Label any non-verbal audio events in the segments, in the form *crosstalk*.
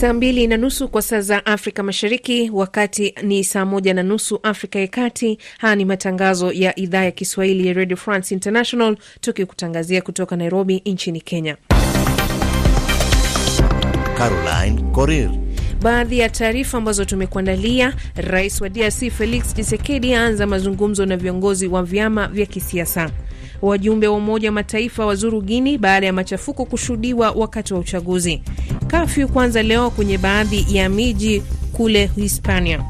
Saa mbili na nusu kwa saa za Afrika Mashariki, wakati ni saa moja na nusu Afrika ya Kati. Haya ni matangazo ya idhaa ya Kiswahili ya Radio France International, tukikutangazia kutoka Nairobi nchini Kenya. Caroline Corir. Baadhi ya taarifa ambazo tumekuandalia: Rais wa DRC Felix Tshisekedi aanza mazungumzo na viongozi wa vyama vya kisiasa; Wajumbe wa Umoja wa Mataifa wazuru Guini baada ya machafuko kushuhudiwa wakati wa uchaguzi. Kafyu kwanza leo kwenye baadhi ya miji kule Hispania.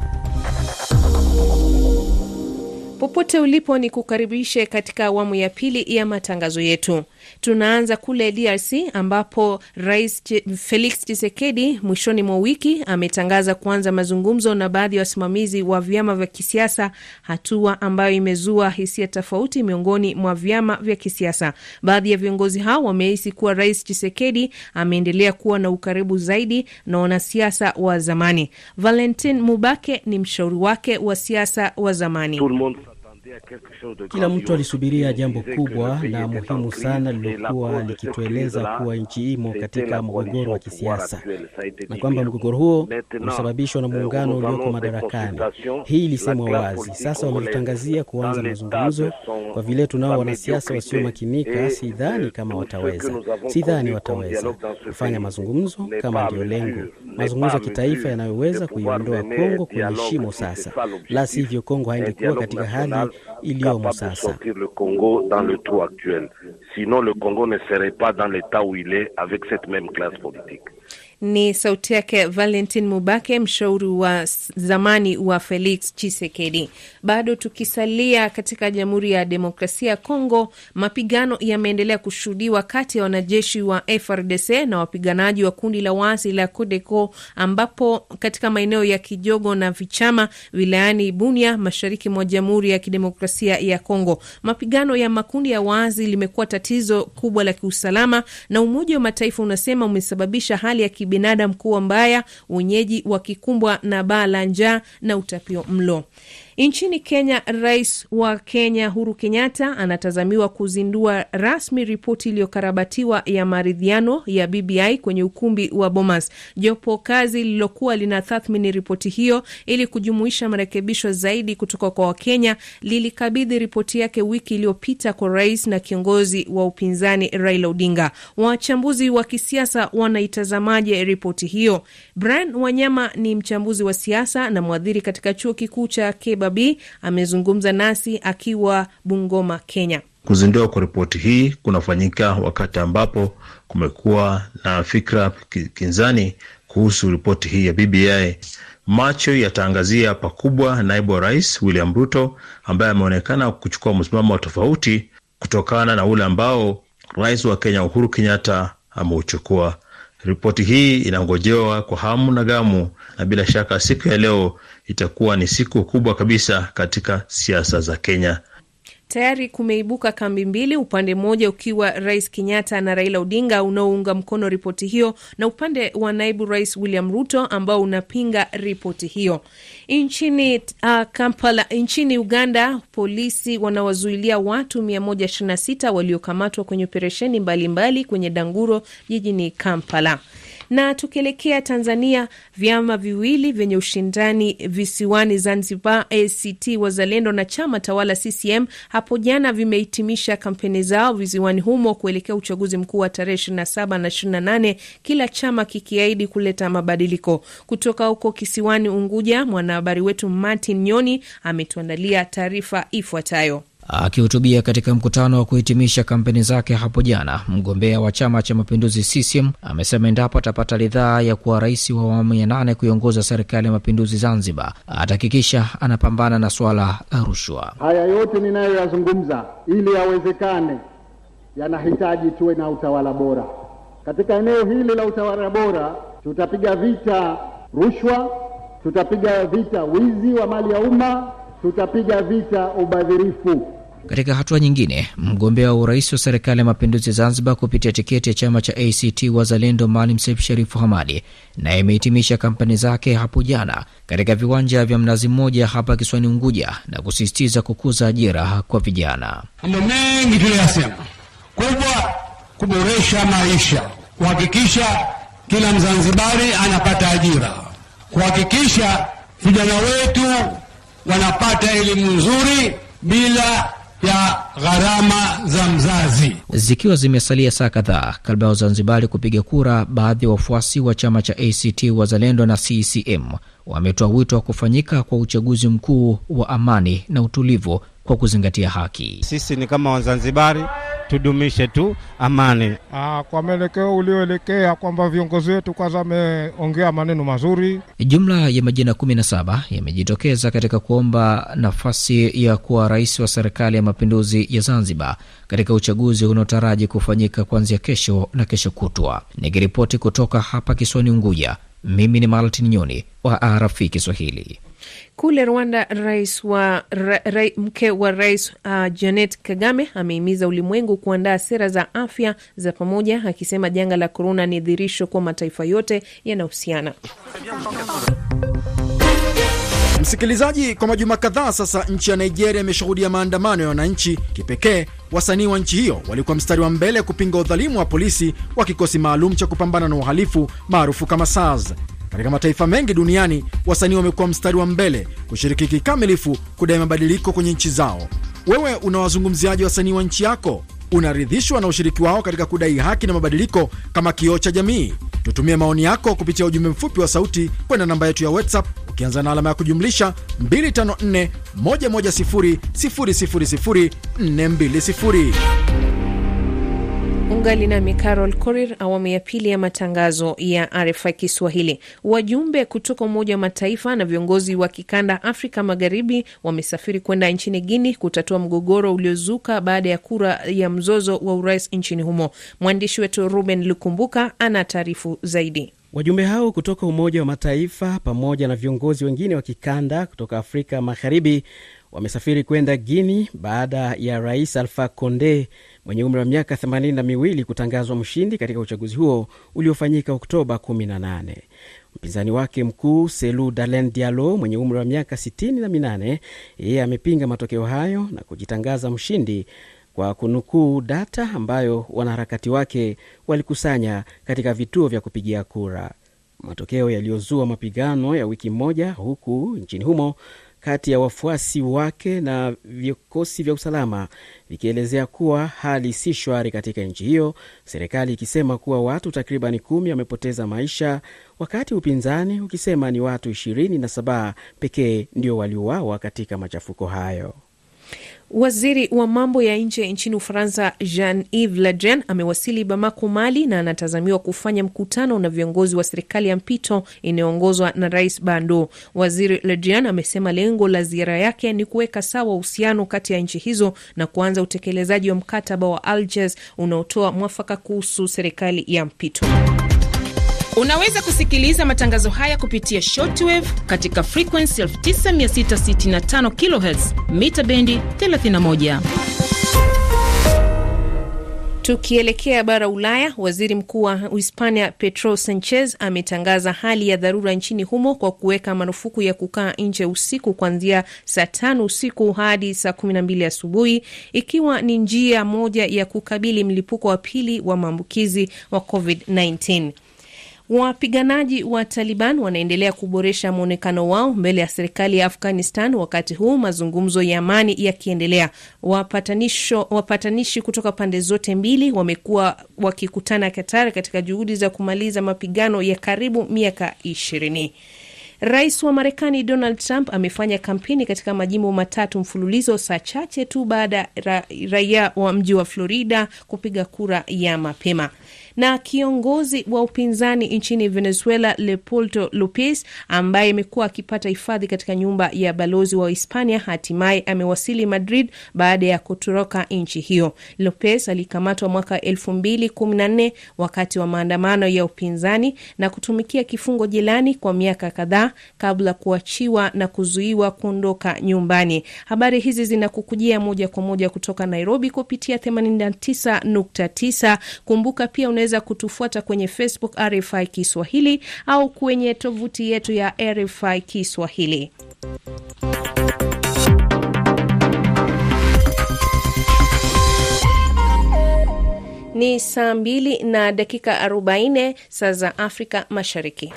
Popote ulipo, ni kukaribishe katika awamu ya pili ya matangazo yetu. Tunaanza kule DRC ambapo Rais Felix Tshisekedi mwishoni mwa wiki ametangaza kuanza mazungumzo na baadhi ya wasimamizi wa vyama vya kisiasa, hatua ambayo imezua hisia tofauti miongoni mwa vyama vya kisiasa. Baadhi ya viongozi hao wamehisi kuwa Rais Tshisekedi ameendelea kuwa na ukaribu zaidi na wanasiasa wa zamani. Valentin Mubake ni mshauri wake wa siasa wa zamani. Kila mtu alisubiria jambo kubwa na muhimu sana lililokuwa likitueleza kuwa nchi imo katika mgogoro wa kisiasa na kwamba mgogoro huo ulisababishwa na muungano ulioko madarakani. Hii ilisemwa wazi. Sasa wametutangazia kuanza mazungumzo. Kwa vile tunao wanasiasa wasiomakinika, sidhani kama wataweza, sidhani wataweza kufanya mazungumzo kama ndiyo lengo, mazungumzo ya kitaifa yanayoweza kuiondoa Kongo kwenye shimo sasa, la sivyo Kongo haingekuwa katika hali Il iliyomo sortir Le Congo dans le trou actuel. Sinon le Congo ne serait pas dans l'état où il est avec cette même classe politique. Ni sauti yake Valentin Mubake, mshauri wa zamani wa Felix Chisekedi. Bado tukisalia katika Jamhuri ya Demokrasia ya Kongo, mapigano yameendelea kushuhudiwa kati ya wanajeshi wa FRDC na wapiganaji wa kundi la waasi la CODECO, ambapo katika maeneo ya Kijogo na Vichama wilayani Bunia, mashariki mwa Jamhuri ya Kidemokrasia ya Kongo. Mapigano ya makundi ya waasi limekuwa tatizo kubwa la kiusalama, na Umoja wa Mataifa unasema umesababisha hali ya binadamu kuwa mbaya, wenyeji wakikumbwa na baa la njaa na utapio mlo. Nchini Kenya, rais wa Kenya Uhuru Kenyatta anatazamiwa kuzindua rasmi ripoti iliyokarabatiwa ya maridhiano ya BBI kwenye ukumbi wa Bomas. Jopo kazi lililokuwa linatathmini ripoti hiyo ili kujumuisha marekebisho zaidi kutoka kwa Wakenya lilikabidhi ripoti yake wiki iliyopita kwa rais na kiongozi wa upinzani Raila Odinga. Wachambuzi wa kisiasa wanaitazamaje ripoti hiyo? Brian Wanyama ni mchambuzi wa siasa na mwadhiri katika chuo kikuu cha Keba Mirabi amezungumza nasi akiwa Bungoma, Kenya. Kuzinduliwa kwa ripoti hii kunafanyika wakati ambapo kumekuwa na fikra kinzani kuhusu ripoti hii ya BBI. Macho yataangazia pakubwa naibu wa rais William Ruto ambaye ameonekana kuchukua msimamo tofauti kutokana na ule ambao rais wa Kenya Uhuru Kenyatta ameuchukua. Ripoti hii inangojewa kwa hamu na gamu, na bila shaka siku ya leo itakuwa ni siku kubwa kabisa katika siasa za Kenya. Tayari kumeibuka kambi mbili, upande mmoja ukiwa Rais Kenyatta na Raila Odinga unaounga mkono ripoti hiyo na upande wa naibu rais William Ruto ambao unapinga ripoti hiyo. Nchini uh, Kampala, nchini Uganda, polisi wanawazuilia watu 126 waliokamatwa kwenye operesheni mbalimbali kwenye Danguro jijini Kampala. Na tukielekea Tanzania, vyama viwili vyenye ushindani visiwani Zanzibar, ACT Wazalendo na chama tawala CCM, hapo jana vimehitimisha kampeni zao visiwani humo kuelekea uchaguzi mkuu wa tarehe 27 na 28, kila chama kikiahidi kuleta mabadiliko. Kutoka huko kisiwani Unguja, mwanahabari wetu Martin Nyoni ametuandalia taarifa ifuatayo. Akihutubia katika mkutano wa kuhitimisha kampeni zake hapo jana, mgombea wa chama cha mapinduzi CCM amesema endapo atapata ridhaa ya kuwa rais wa awamu ya nane kuiongoza serikali ya mapinduzi Zanzibar, atahakikisha anapambana na swala la rushwa. Haya yote ninayoyazungumza, ili yawezekane, yanahitaji tuwe na utawala bora. Katika eneo hili la utawala bora, tutapiga vita rushwa, tutapiga vita wizi wa mali ya umma, tutapiga vita ubadhirifu. Katika hatua nyingine, mgombea wa urais wa serikali ya mapinduzi Zanzibar kupitia tiketi ya chama cha ACT Wazalendo, Maalim Seif Sharifu Hamadi naye amehitimisha kampeni zake hapo jana katika viwanja vya Mnazi Mmoja hapa Kiswani Unguja na kusisitiza kukuza ajira kwa vijana. Mambo mengi tuliyasema, kubwa kuboresha maisha, kuhakikisha kila Mzanzibari anapata ajira, kuhakikisha vijana wetu wanapata elimu nzuri bila ya gharama za mzazi. Zikiwa zimesalia saa kadhaa kabla ya Wazanzibari kupiga kura, baadhi ya wafuasi wa chama cha ACT Wazalendo na CCM wametoa wito wa kufanyika kwa uchaguzi mkuu wa amani na utulivu kwa kuzingatia haki. Sisi ni kama Wazanzibari, tudumishe tu amani. Aa, ah, kwa mwelekeo ulioelekea kwamba viongozi wetu kwanza wameongea maneno mazuri. Jumla ya majina kumi na saba yamejitokeza katika kuomba nafasi ya kuwa rais wa serikali ya mapinduzi ya Zanzibar katika uchaguzi unaotaraji kufanyika kuanzia kesho na kesho kutwa. Nikiripoti kutoka hapa kiswani Unguja. Mimi ni Maltin Nyoni wa RFI Kiswahili. Kule Rwanda, rais wa, ra, ra, mke wa rais uh, Janet Kagame amehimiza ulimwengu kuandaa sera za afya za pamoja, akisema janga la korona ni dhirisho kwa mataifa yote yanahusiana. Msikilizaji, kwa majuma kadhaa sasa, nchi ya Nigeria imeshuhudia maandamano ya wananchi. Kipekee wasanii wa nchi hiyo walikuwa mstari wa mbele kupinga udhalimu wa polisi wa kikosi maalum cha kupambana na uhalifu maarufu kama SARS. Katika mataifa mengi duniani, wasanii wamekuwa mstari wa mbele kushiriki kikamilifu kudai mabadiliko kwenye nchi zao. Wewe unawazungumziaje wasanii wa nchi yako? unaridhishwa na ushiriki wao katika kudai haki na mabadiliko kama kioo cha jamii? Tutumie maoni yako kupitia ujumbe mfupi wa sauti kwenda namba yetu ya WhatsApp ukianza na alama ya kujumlisha 254 110 000 420. Ungali nami Carol corir awamu ya pili ya matangazo ya RFI Kiswahili. Wajumbe kutoka Umoja wa Mataifa na viongozi wa kikanda Afrika Magharibi wamesafiri kwenda nchini Guini kutatua mgogoro uliozuka baada ya kura ya mzozo wa urais nchini humo. Mwandishi wetu Ruben Lukumbuka ana taarifu zaidi. Wajumbe hao kutoka Umoja wa Mataifa pamoja na viongozi wengine wa kikanda kutoka Afrika Magharibi wamesafiri kwenda Guini baada ya Rais alfa Conde mwenye umri wa miaka 82 kutangazwa mshindi katika uchaguzi huo uliofanyika Oktoba 18. Mpinzani wake mkuu Selu Dalen Dialo mwenye umri wa miaka 68, yeye amepinga matokeo hayo na kujitangaza mshindi kwa kunukuu data ambayo wanaharakati wake walikusanya katika vituo vya kupigia kura. Matokeo yaliyozua mapigano ya wiki moja huku nchini humo kati ya wafuasi wake na vikosi vya usalama vikielezea kuwa hali si shwari katika nchi hiyo, serikali ikisema kuwa watu takriban kumi wamepoteza maisha, wakati upinzani ukisema ni watu 27 pekee ndio waliuawa katika machafuko hayo. Waziri wa mambo ya nje nchini Ufaransa, Jean Yves Le Drian, amewasili Bamako, Mali, na anatazamiwa kufanya mkutano na viongozi wa serikali ya mpito inayoongozwa na Rais Bando. Waziri Le Drian amesema lengo la ziara yake ni kuweka sawa uhusiano kati ya nchi hizo na kuanza utekelezaji wa mkataba wa Algiers unaotoa mwafaka kuhusu serikali ya mpito. Unaweza kusikiliza matangazo haya kupitia shortwave katika frequency 9665 kHz mita bendi 31. Tukielekea bara Ulaya, waziri mkuu wa Uhispania Pedro Sanchez ametangaza hali ya dharura nchini humo kwa kuweka marufuku ya kukaa nje usiku kuanzia saa tano usiku hadi saa kumi na mbili asubuhi ikiwa ni njia moja ya kukabili mlipuko wa pili wa maambukizi wa COVID-19. Wapiganaji wa Taliban wanaendelea kuboresha mwonekano wao mbele ya serikali ya Afghanistan wakati huu mazungumzo ya amani yakiendelea. Wapatanishi kutoka pande zote mbili wamekuwa wakikutana Qatar katika juhudi za kumaliza mapigano ya karibu miaka ishirini. Rais wa Marekani Donald Trump amefanya kampeni katika majimbo matatu mfululizo saa chache tu baada ya ra raia wa mji wa Florida kupiga kura ya mapema na kiongozi wa upinzani nchini Venezuela Leopoldo Lopez ambaye amekuwa akipata hifadhi katika nyumba ya balozi wa Hispania hatimaye amewasili Madrid baada ya kutoroka nchi hiyo. Lopez alikamatwa mwaka elfu mbili kumi na nne wakati wa maandamano ya upinzani na kutumikia kifungo jelani kwa miaka kadhaa kabla kuachiwa na kuzuiwa kuondoka nyumbani. Habari hizi zinakukujia moja kwa moja kutoka Nairobi kupitia 89.9. Kumbuka pia unaweza kutufuata kwenye Facebook RFI Kiswahili au kwenye tovuti yetu ya RFI Kiswahili. Ni saa mbili na dakika 40 saa za Afrika Mashariki.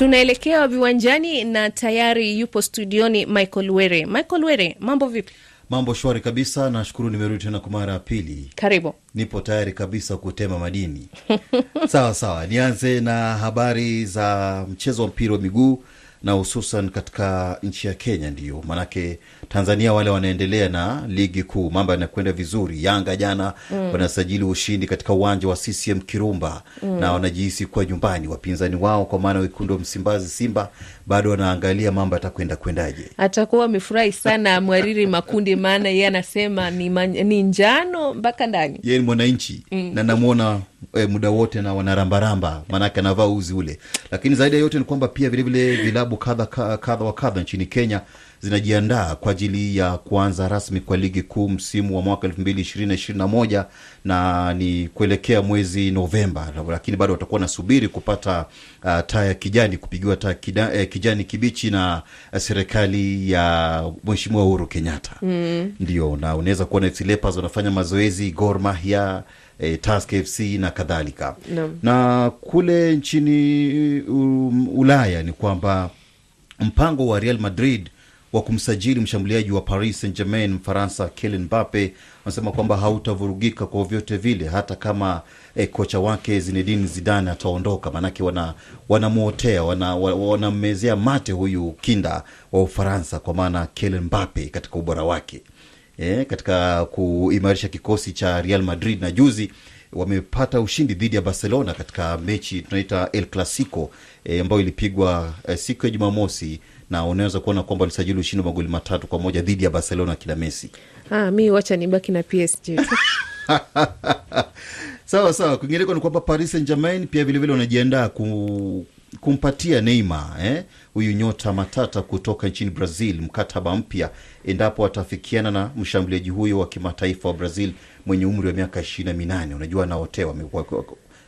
Tunaelekea viwanjani na tayari yupo studioni Michael Were. Michael Were, mambo vipi? Mambo shwari kabisa, nashukuru. Nimerudi tena kwa mara ya pili. Karibu. Nipo tayari kabisa kutema madini *laughs* sawa sawa, nianze na habari za mchezo wa mpira wa miguu na hususan katika nchi ya Kenya, ndiyo maanake Tanzania wale wanaendelea na ligi kuu, mambo yanakwenda vizuri. Yanga jana mm. wanasajili ushindi katika uwanja wa CCM Kirumba mm. na wanajihisi kuwa nyumbani. Wapinzani wao kwa maana wekundu wa Msimbazi, Simba, bado wanaangalia mambo yatakwenda kwendaje. Atakuwa amefurahi sana *laughs* mwariri Makundi, maana yeye anasema ni, ni njano mpaka ndani. Yeye ni mwananchi mm. na namwona E, muda wote na wanarambaramba maanake anavaa uzi ule, lakini zaidi ya yote ni kwamba pia vilevile vilabu kadha kadha wa kadha nchini Kenya zinajiandaa kwa ajili ya kuanza rasmi kwa ligi kuu msimu wa mwaka elfu mbili ishirini na ishirini na moja na ni kuelekea mwezi Novemba, lakini bado watakuwa wanasubiri kupata uh, taa ya kijani kupigiwa taa eh, kijani kibichi na uh, serikali ya mweshimua Uhuru Kenyatta. Mm. Ndio, na unaweza kuona FC wanafanya mazoezi Gor Mahia E, eh, Task FC na kadhalika no. Na kule nchini um, Ulaya ni kwamba mpango wa Real Madrid wa kumsajili mshambuliaji wa Paris Saint Germain Mfaransa Kylian Mbappe anasema kwamba hautavurugika kwa vyote vile, hata kama eh, kocha wake Zinedine Zidane ataondoka, maanake wanamwotea wana wanammezea wana mate huyu kinda wa Ufaransa, kwa maana Kylian Mbappe katika ubora wake eh, katika kuimarisha kikosi cha Real Madrid na juzi wamepata ushindi dhidi ya Barcelona katika mechi tunaita El Clasico eh, ambayo e, ilipigwa e, siku ya Jumamosi na unaweza kuona kwamba alisajili ushindi magoli matatu kwa moja dhidi ya barcelona kila mesi ah, mi wacha nibaki na psg *laughs* sawa sawa kwingineko ni kwamba paris saint germain pia vilevile wanajiandaa ku kumpatia neima eh, huyu eh, nyota matata kutoka nchini Brazil mkataba mpya endapo atafikiana na mshambuliaji huyo wa kimataifa wa Brazil mwenye umri wa miaka ishirini na minane. Unajua anaotewa,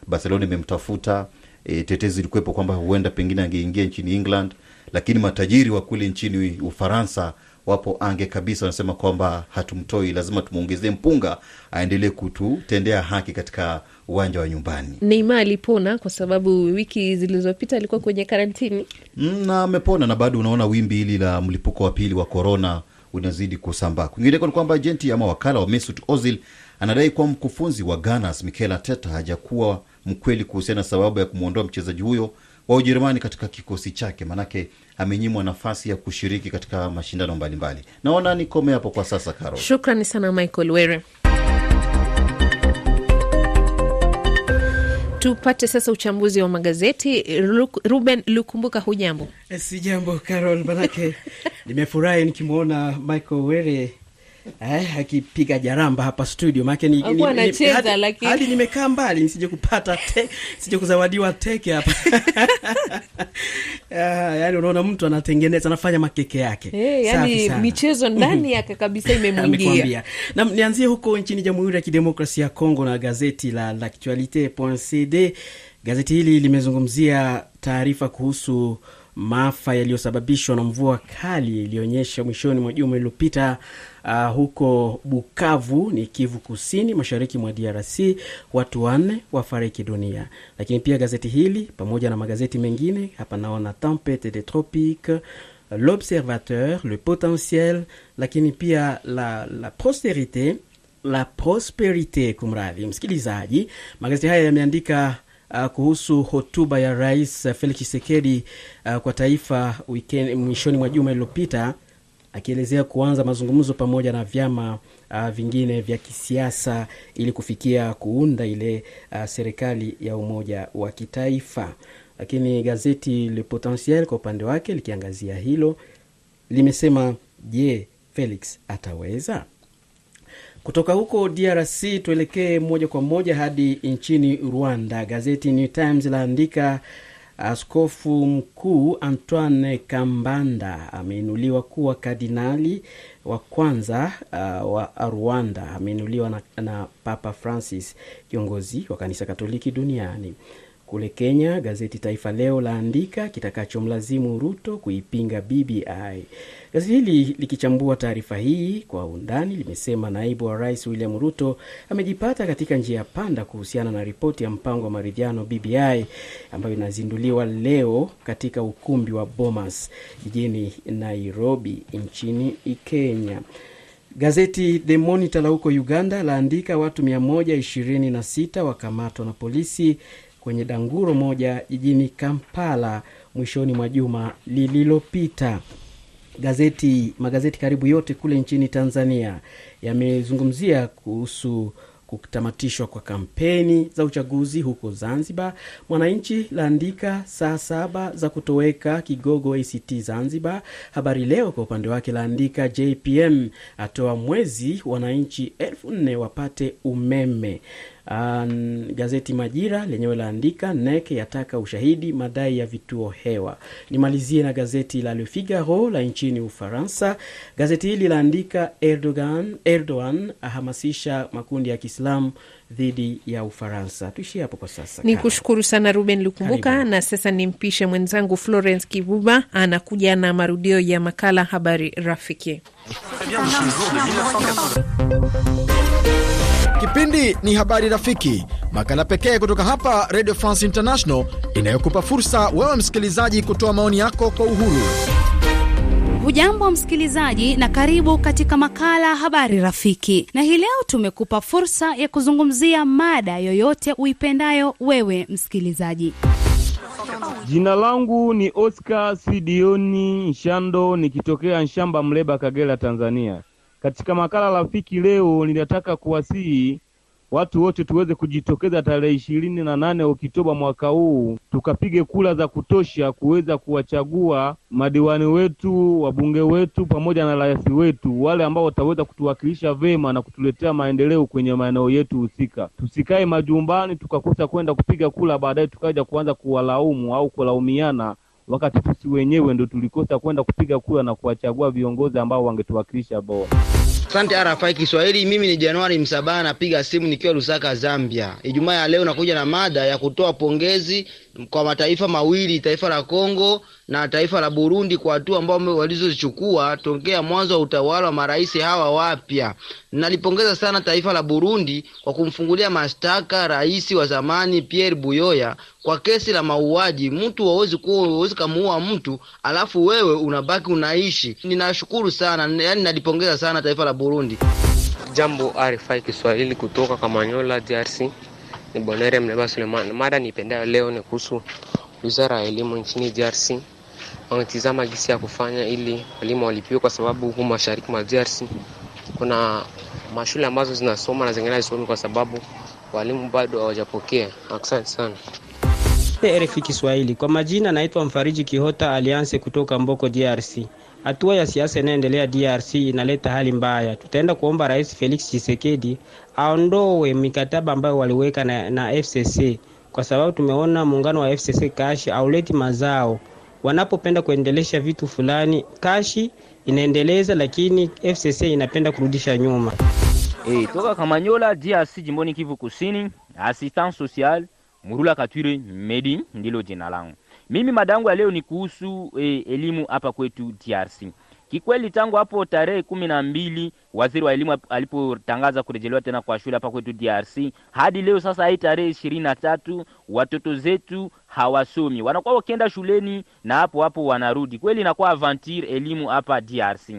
Barcelona imemtafuta e, tetezi ilikuwepo kwamba huenda pengine angeingia nchini England, lakini matajiri wa kule nchini Ufaransa wapo ange kabisa, wanasema kwamba hatumtoi, lazima tumwongezee mpunga aendelee kututendea haki katika uwanja wa nyumbani. neima alipona kwa sababu wiki zilizopita alikuwa kwenye karantini mm, na amepona, na bado unaona wimbi hili la mlipuko wa pili wa korona unazidi kusambaa. Kwingineko ni kwamba jenti ama wakala wa Mesut Ozil anadai kuwa mkufunzi wa ganas Mikel ateta hajakuwa mkweli kuhusiana na sababu ya kumwondoa mchezaji huyo wa ujerumani katika kikosi chake manake amenyimwa nafasi ya kushiriki katika mashindano mbalimbali mbali. naona nikome hapo kwa sasa karo shukrani sana michael were tupate sasa uchambuzi wa magazeti Luk, ruben lukumbuka hujambo eh, si jambo carol manake *laughs* nimefurahi nikimwona michael were eh, akipiga jaramba hapa studio maake ni, ni, ni, hadi, hadi nimekaa mbali nisije kupata te, sije kuzawadiwa teke hapa *laughs* ah, yani unaona mtu anatengeneza anafanya makeke yake hey, eh, yani michezo ndani *laughs* yake kabisa imemwingia na nianzie huko nchini jamhuri ya kidemokrasia ya kongo na gazeti la l'actualité cd gazeti hili limezungumzia taarifa kuhusu maafa yaliyosababishwa na mvua kali iliyoonyesha mwishoni mwa juma iliyopita uh, huko Bukavu ni Kivu Kusini, mashariki mwa DRC, watu wanne wafariki dunia. Lakini pia gazeti hili pamoja na magazeti mengine hapa naona Tempete de tropic L'Observateur, Le Potentiel, lakini pia la, la posterité la prosperité Kumradhi msikilizaji, magazeti haya yameandika uh, kuhusu hotuba ya Rais Felix chisekedi uh, ah, kwa taifa mwishoni mwa juma iliyopita akielezea kuanza mazungumzo pamoja na vyama uh, vingine vya kisiasa ili kufikia kuunda ile uh, serikali ya umoja wa kitaifa. Lakini gazeti Le Potentiel kwa upande wake likiangazia hilo limesema, je, Felix ataweza? Kutoka huko DRC tuelekee moja kwa moja hadi nchini Rwanda. Gazeti New Times laandika Askofu mkuu Antoine Kambanda ameinuliwa kuwa kardinali wa kwanza uh, wa Rwanda. Ameinuliwa na, na Papa Francis, kiongozi wa kanisa Katoliki duniani. Kule Kenya, gazeti Taifa Leo laandika kitakachomlazimu Ruto kuipinga BBI. Gazeti hili likichambua taarifa hii kwa undani limesema naibu wa rais William Ruto amejipata katika njia ya panda kuhusiana na ripoti ya mpango wa maridhiano BBI ambayo inazinduliwa leo katika ukumbi wa Bomas jijini Nairobi nchini Kenya. Gazeti The Monitor la huko Uganda laandika watu 126 wakamatwa na polisi kwenye danguro moja jijini Kampala mwishoni mwa juma lililopita gazeti magazeti karibu yote kule nchini Tanzania yamezungumzia kuhusu kutamatishwa kwa kampeni za uchaguzi huko Zanzibar. Mwananchi laandika saa saba za kutoweka kigogo ACT Zanzibar. Habari Leo kwa upande wake laandika JPM atoa mwezi wananchi elfu nne wapate umeme. An, gazeti Majira lenyewe laandika NEC yataka ushahidi madai ya vituo hewa. Nimalizie na gazeti la Le Figaro la nchini Ufaransa. Gazeti hili laandika Erdogan, Erdogan ahamasisha makundi ya Kiislamu dhidi ya Ufaransa. Tuishie hapo kwa sasa. Ni kushukuru sana Ruben Lukumbuka, na sasa nimpishe mwenzangu Florence Kibuba anakuja na marudio ya makala Habari Rafiki. Kipindi ni Habari Rafiki, makala pekee kutoka hapa Radio France International inayokupa fursa wewe msikilizaji kutoa maoni yako kwa uhuru. Hujambo msikilizaji, na karibu katika makala habari rafiki. Na hii leo tumekupa fursa ya kuzungumzia mada yoyote uipendayo wewe msikilizaji. Jina langu ni Oscar Sidioni Nshando nikitokea Nshamba Mleba, Kagera, Tanzania. Katika makala rafiki leo, ninataka kuwasihi watu wote tuweze kujitokeza tarehe ishirini na nane Oktoba mwaka huu tukapige kura za kutosha kuweza kuwachagua madiwani wetu, wabunge wetu pamoja na rais wetu, wale ambao wataweza kutuwakilisha vema na kutuletea maendeleo kwenye maeneo yetu husika. Tusikae majumbani tukakosa kwenda kupiga kura, baadaye tukaja kuanza kuwalaumu au kulaumiana wakati sisi wenyewe ndo tulikosa kwenda kupiga kura na kuwachagua viongozi ambao wangetuwakilisha bora. Asante RFI Kiswahili. Mimi ni Januari Msabaha, napiga simu nikiwa Lusaka, Zambia. Ijumaa ya leo nakuja na mada ya kutoa pongezi kwa mataifa mawili, taifa la Kongo na taifa la Burundi, kwa hatua ambao walizozichukua tokea mwanzo wa utawala wa marais hawa wapya. Nalipongeza sana taifa la Burundi kwa kumfungulia mashtaka rais wa zamani Pierre Buyoya kwa kesi la mauaji mtu wawezi kuwa wawezi kamuua mtu alafu wewe unabaki unaishi. Ninashukuru sana, yani nalipongeza sana taifa la Burundi. Jambo RFI Kiswahili kutoka Kamanyola, DRC. Ni Bonere Mleba Suleman. Mada niipendayo leo ni kuhusu wizara ya elimu nchini DRC wanatizama gisi ya kufanya ili walimu walipiwe, kwa sababu huko mashariki mwa DRC kuna mashule ambazo zinasoma na zingine hazisomi kwa sababu walimu bado hawajapokea. Asante sana. RFI Kiswahili. Kwa majina naitwa Mfariji Kihota Alianse kutoka Mboko, DRC. Hatua ya siasa inayoendelea DRC inaleta hali mbaya. Tutaenda kuomba Rais Felix Tshisekedi aondoe mikataba ambayo waliweka na, na FCC kwa sababu tumeona muungano wa FCC kashi auleti mazao. Wanapopenda kuendelesha vitu fulani, kashi inaendeleza, lakini FCC inapenda kurudisha nyuma. Hey, eh, toka Kamanyola DRC, jimboni Kivu Kusini, assistance sociale Murula Katwire Medi ndilo jina langu. Mimi mada yangu ya leo ni kuhusu e, elimu hapa kwetu DRC. Kikweli tangu hapo tarehe kumi na mbili waziri wa elimu alipotangaza kurejelewa tena kwa shule hapa kwetu DRC hadi leo sasa hii tarehe ishirini na tatu watoto zetu hawasomi, wanakuwa wakienda shuleni na hapo hapo wanarudi. Kweli inakuwa aventure elimu hapa DRC.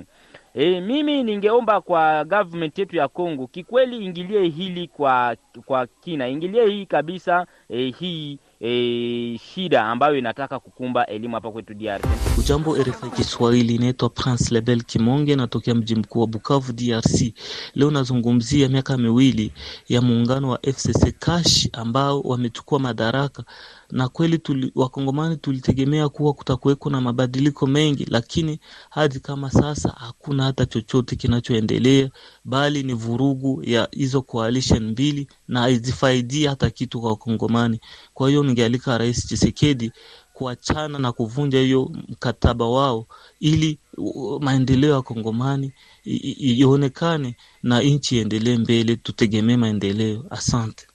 E, mimi ningeomba kwa government yetu ya Kongo kikweli ingilie hili kwa, kwa kina, ingilie hii kabisa e, hii e, shida ambayo inataka kukumba elimu hapa kwetu DRC. Ujambo RFI Kiswahili, inaitwa Prince Lebel Kimonge, natokea mji mkuu wa Bukavu, DRC. Leo nazungumzia miaka miwili ya muungano wa FCC Cash ambao wamechukua madaraka na kweli tuli, wakongomani tulitegemea kuwa kutakuweko na mabadiliko mengi, lakini hadi kama sasa hakuna hata chochote kinachoendelea, bali ni vurugu ya hizo coalition mbili na haizifaidii hata kitu kwa wakongomani. Kwa hiyo ningealika Rais chisekedi kuachana na kuvunja hiyo mkataba wao ili maendeleo ya Kongomani ionekane na nchi iendelee mbele, tutegemee maendeleo. Asante.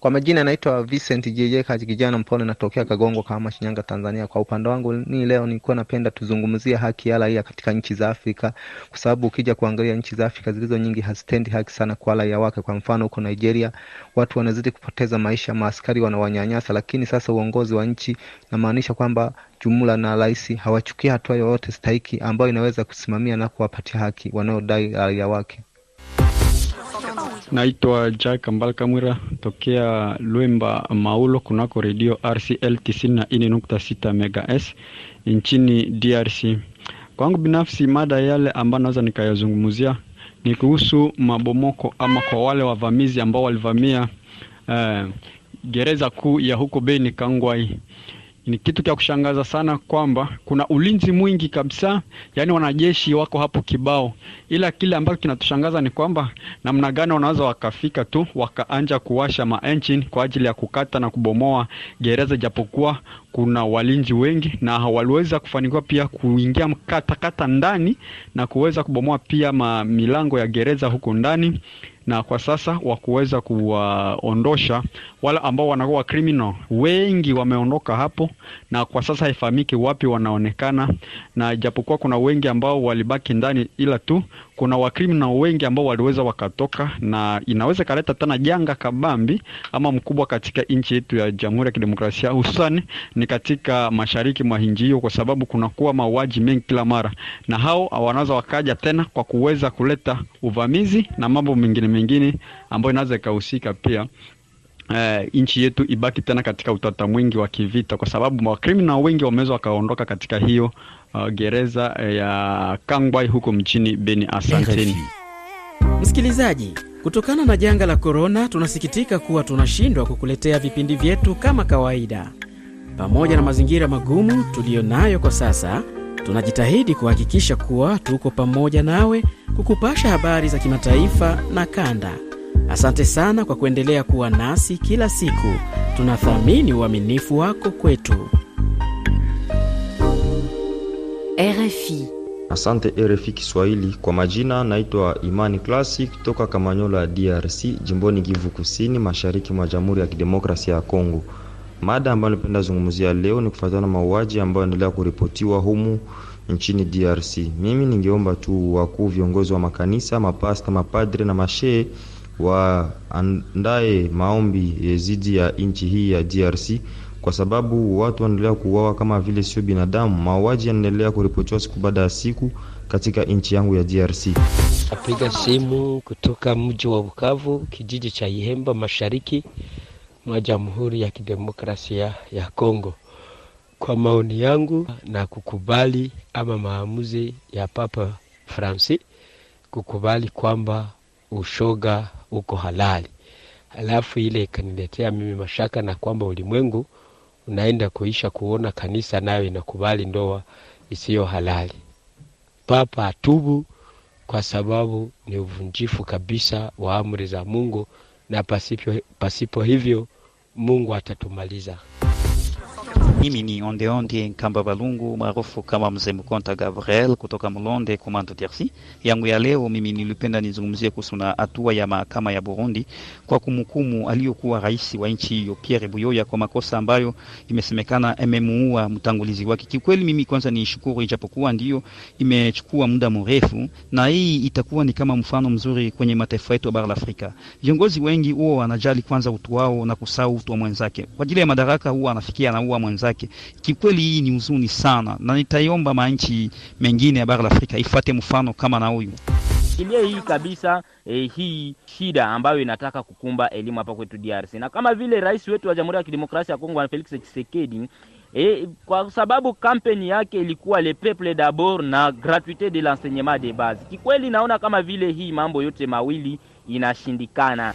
Kwa majina anaitwa Vincent JJ Kaji, kijana mpole, natokea Kagongo kama Shinyanga, Tanzania. Kwa upande wangu ni leo nilikuwa napenda tuzungumzie haki ya raia katika nchi za Afrika, kwa sababu ukija kuangalia nchi za Afrika zilizo nyingi hazitendi haki sana kwa raia wake. Kwa mfano huko Nigeria watu wanazidi kupoteza maisha, maaskari wanawanyanyasa, lakini sasa uongozi wa nchi namaanisha kwamba jumla na rais hawachukia hatua yoyote stahiki ambayo inaweza kusimamia na kuwapatia haki wanaodai raia wake. Naitwa Jack Mbalkamwira tokea Lwemba Maulo, kunako redio RCL 94.6 MHz nchini DRC. Kwangu binafsi, mada yale ambayo naweza nikayazungumzia ni kuhusu mabomoko ama kwa wale wavamizi ambao walivamia eh, gereza kuu ya huko Beni Kangwai ni kitu cha kushangaza sana kwamba kuna ulinzi mwingi kabisa, yaani wanajeshi wako hapo kibao, ila kile ambacho kinatushangaza ni kwamba namna gani wanaweza wakafika tu wakaanja kuwasha engine kwa ajili ya kukata na kubomoa gereza, japokuwa kuna walinzi wengi, na waliweza kufanikiwa pia kuingia mkatakata ndani na kuweza kubomoa pia milango ya gereza huko ndani na kwa sasa wa kuweza kuwaondosha wale ambao wanakuwa criminal. Wengi wameondoka hapo, na kwa sasa haifahamiki wapi wanaonekana, na japokuwa kuna wengi ambao walibaki ndani, ila tu kuna wakriminal wengi ambao waliweza wakatoka, na inaweza ikaleta tena janga kabambi ama mkubwa katika nchi yetu ya Jamhuri ya Kidemokrasia, hususani ni katika mashariki mwa nchi hiyo, kwa sababu kunakuwa mauaji mengi kila mara, na hao wanaweza wakaja tena kwa kuweza kuleta uvamizi na mambo mengine mengine ambayo inaweza ikahusika pia Uh, nchi yetu ibaki tena katika utata mwingi wa kivita, kwa sababu wakriminal wengi wameweza wakaondoka katika hiyo uh, gereza eh, ya Kangwai huko mchini Beni. Asanteni msikilizaji. Kutokana na janga la korona, tunasikitika kuwa tunashindwa kukuletea vipindi vyetu kama kawaida. Pamoja na mazingira magumu tuliyo nayo kwa sasa, tunajitahidi kuhakikisha kuwa tuko pamoja nawe kukupasha habari za kimataifa na kanda Asante sana kwa kuendelea kuwa nasi kila siku. Tunathamini uaminifu wako kwetu. RFI. Asante RFI Kiswahili. Kwa majina naitwa Imani Klasi kutoka Kamanyola ya DRC, jimboni Kivu Kusini, mashariki mwa Jamhuri ya Kidemokrasia ya Kongo. Mada ambayo napenda zungumzia leo ni kufuatana mauaji ambayo yanaendelea kuripotiwa humu nchini DRC. Mimi ningeomba tu wakuu viongozi wa makanisa, mapasta, mapadre na mashehe waandae maombi yezidi eh, ya nchi hii ya DRC kwa sababu watu wanaendelea kuuawa kama vile sio binadamu. Mauaji yanaendelea kuripotiwa siku baada ya siku katika nchi yangu ya DRC. Napiga simu kutoka mji wa Bukavu, kijiji cha Ihemba, mashariki mwa Jamhuri ya Kidemokrasia ya Kongo. Kwa maoni yangu na kukubali ama maamuzi ya Papa Francis kukubali kwamba ushoga uko halali. Halafu ile ikaniletea mimi mashaka na kwamba ulimwengu unaenda kuisha kuona kanisa nayo inakubali ndoa isiyo halali. Papa atubu, kwa sababu ni uvunjifu kabisa wa amri za Mungu, na pasipo, pasipo hivyo Mungu atatumaliza. Mimi ni onde onde Nkamba Balungu maarufu kama Mzee Mkonta Gabriel kutoka Mlonde Komando DRC. Yangu ya leo mimi nilipenda nizungumzie kuhusu na hatua ya mahakama ya Burundi kwa kumhukumu aliyokuwa rais wa nchi hiyo Pierre Buyoya kwa makosa ambayo imesemekana imemuua mtangulizi wake. Kiukweli mimi kwanza ni shukuru, ijapokuwa ndiyo imechukua muda mrefu, na hii itakuwa ni kama mfano mzuri kwenye mataifa yetu ya bara la Afrika. Viongozi wengi huo wanajali kwanza utu wao na kusahau utu wa mwenzake. Kwa ajili ya madaraka huwa anafikia anaua mwenzake zake. Kikweli hii ni huzuni sana, na nitaiomba manchi mengine ya bara la Afrika ifuate mfano kama na huyu ilia hii kabisa eh, hii shida ambayo inataka kukumba elimu hapa kwetu DRC, na kama vile rais wetu wa Jamhuri ya Kidemokrasia ya Kongo Felix Tshisekedi E, kwa sababu kampeni yake ilikuwa le peuple d'abord na gratuite de l'enseignement de base. Kikweli naona kama vile hii mambo yote mawili inashindikana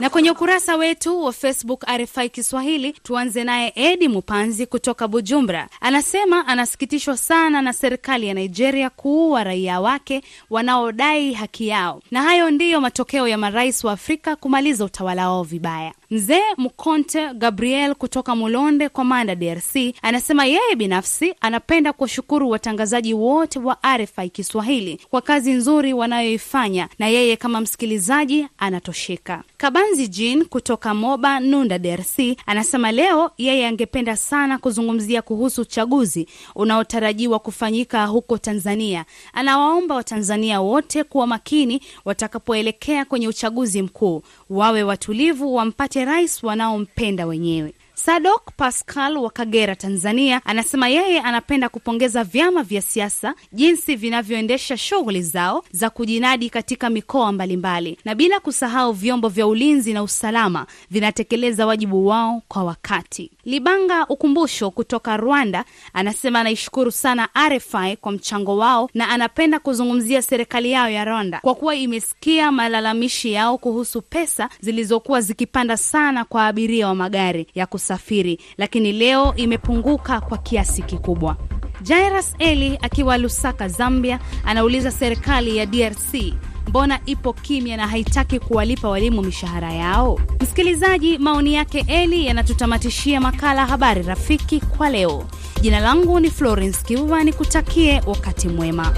na kwenye ukurasa wetu wa Facebook RFI Kiswahili. Tuanze naye Edi Mupanzi kutoka Bujumbura, anasema anasikitishwa sana na serikali ya Nigeria kuua raia wake wanaodai haki yao, na hayo ndiyo matokeo ya marais wa Afrika kumaliza utawala wao vibaya. Mzee Mkonte Gabriel kutoka Mulonde Manda, DRC, anasema yeye binafsi anapenda kuwashukuru watangazaji wote wa RFI Kiswahili kwa kazi nzuri wanayoifanya, na yeye kama msikilizaji anatosheka Kaba Mpanzi Jean kutoka Moba Nunda, DRC, anasema leo yeye angependa sana kuzungumzia kuhusu uchaguzi unaotarajiwa kufanyika huko Tanzania. Anawaomba Watanzania wote kuwa makini watakapoelekea kwenye uchaguzi mkuu, wawe watulivu, wampate rais wanaompenda wenyewe. Sadok Pascal wa Kagera, Tanzania, anasema yeye anapenda kupongeza vyama vya siasa jinsi vinavyoendesha shughuli zao za kujinadi katika mikoa mbalimbali, na bila kusahau vyombo vya ulinzi na usalama vinatekeleza wajibu wao kwa wakati. Libanga Ukumbusho kutoka Rwanda anasema anaishukuru sana RFI kwa mchango wao na anapenda kuzungumzia serikali yao ya Rwanda kwa kuwa imesikia malalamishi yao kuhusu pesa zilizokuwa zikipanda sana kwa abiria wa magari ya kusa kusafiri, lakini leo imepunguka kwa kiasi kikubwa. jairas Eli akiwa Lusaka, Zambia, anauliza serikali ya DRC mbona ipo kimya na haitaki kuwalipa walimu mishahara yao? Msikilizaji, maoni yake Eli yanatutamatishia makala Habari Rafiki kwa leo. Jina langu ni Florence Kivuva, nikutakie wakati mwema.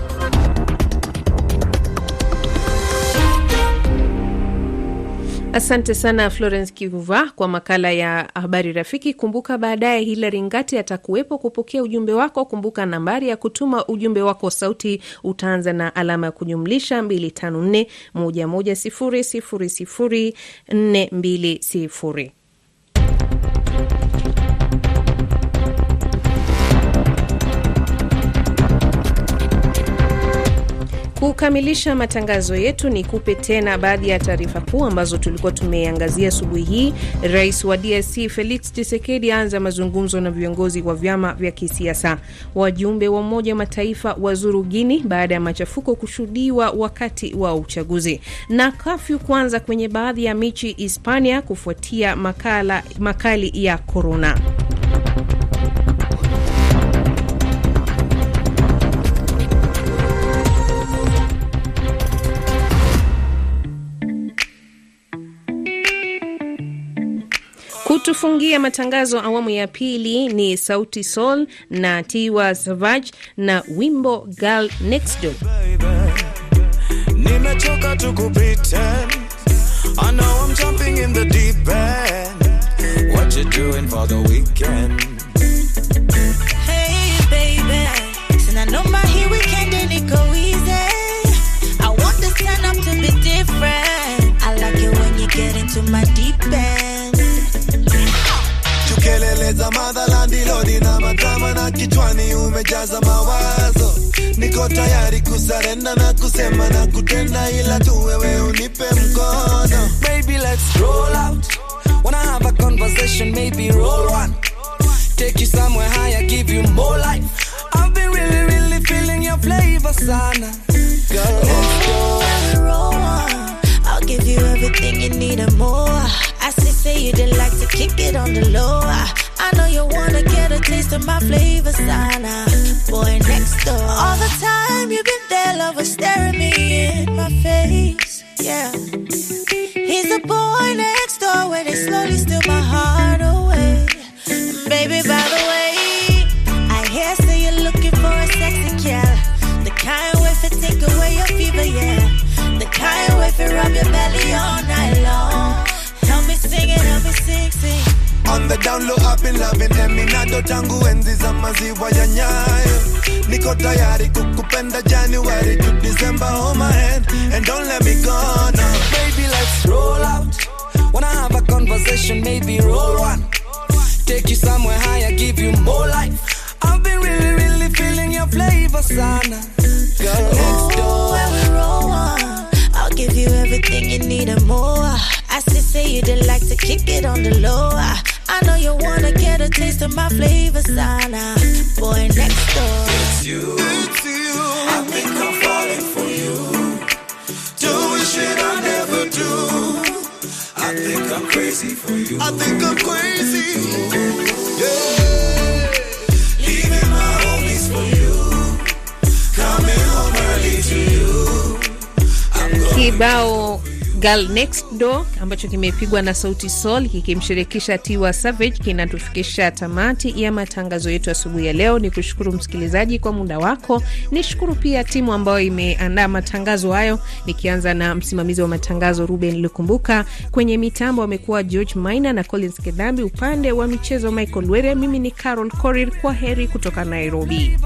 Asante sana Florence Kivuva kwa makala ya habari rafiki. Kumbuka baadaye Hilary Ngati atakuwepo kupokea ujumbe wako. Kumbuka nambari ya kutuma ujumbe wako sauti utaanza na alama ya kujumlisha 254 Kukamilisha matangazo yetu, ni kupe tena baadhi ya taarifa kuu ambazo tulikuwa tumeangazia asubuhi hii. Rais wa DRC Felix Tshisekedi aanza mazungumzo na viongozi wa vyama vya kisiasa. Wajumbe wa Umoja wa Mataifa wazuru Guini baada ya machafuko kushuhudiwa wakati wa uchaguzi, na kafyu kuanza kwenye baadhi ya michi Hispania kufuatia makala makali ya korona. kutufungia matangazo awamu ya pili ni Sauti Sol na Tiwa Savage na wimbo Girl Next Door. Nimechoka tu kupita I know I'm jumping in the deep end. What you doing for the weekend? my deep end. za madhalandi lodi na madrama na kichwani umejaza mawazo, niko tayari kusarenda na kusema na kutenda, ila tu wewe unipe mkono. Baby, let's roll out. Wanna have a conversation, maybe roll one. Take you somewhere higher, give you more life. I've been really, really feeling your flavor, sana. Girl, let's go. Roll one. I'll give you everything you need and more. I say, say you'd like to kick it on the low. yeah. He's the boy next door where they slowly steal my heart away. baby, by the way, I hear say you're looking for a sexy gal. The kind where it take away your fever, yeah. The kind where it rub your belly all night long. Help me sing it, help me sing, sing. On the down low I've been loving Eminado tangu enzi za maziwa ya nyayo Niko tayari kuku the January to December, hold my hand and don't let me go. No, baby, let's roll out. Wanna have a conversation, maybe roll one. Take you somewhere higher, give you more life. I've been really, really feeling your flavor, sana. Girl, let's go. we roll one, I'll give you everything you need and more. I still say you'd like to kick it on the lower. I know you wanna get a taste of my flavor, Sana. Boy next door. It's you. It's you. I think I'm falling for you. Doing shit I never do. I think I'm crazy for you. I think I'm crazy. Yeah. Leaving my homies for you. Coming home early to you. Girl Next Door ambacho kimepigwa na Sauti Sol kikimshirikisha Tiwa Savage kinatufikisha tamati ya matangazo yetu asubuhi ya leo. Ni kushukuru msikilizaji kwa muda wako, ni shukuru pia timu ambayo imeandaa matangazo hayo, nikianza na msimamizi wa matangazo Ruben Lukumbuka, kwenye mitambo amekuwa George Maina na Collins Kedhambi, upande wa michezo Michael Were. Mimi ni Carol Korir, kwa heri kutoka Nairobi.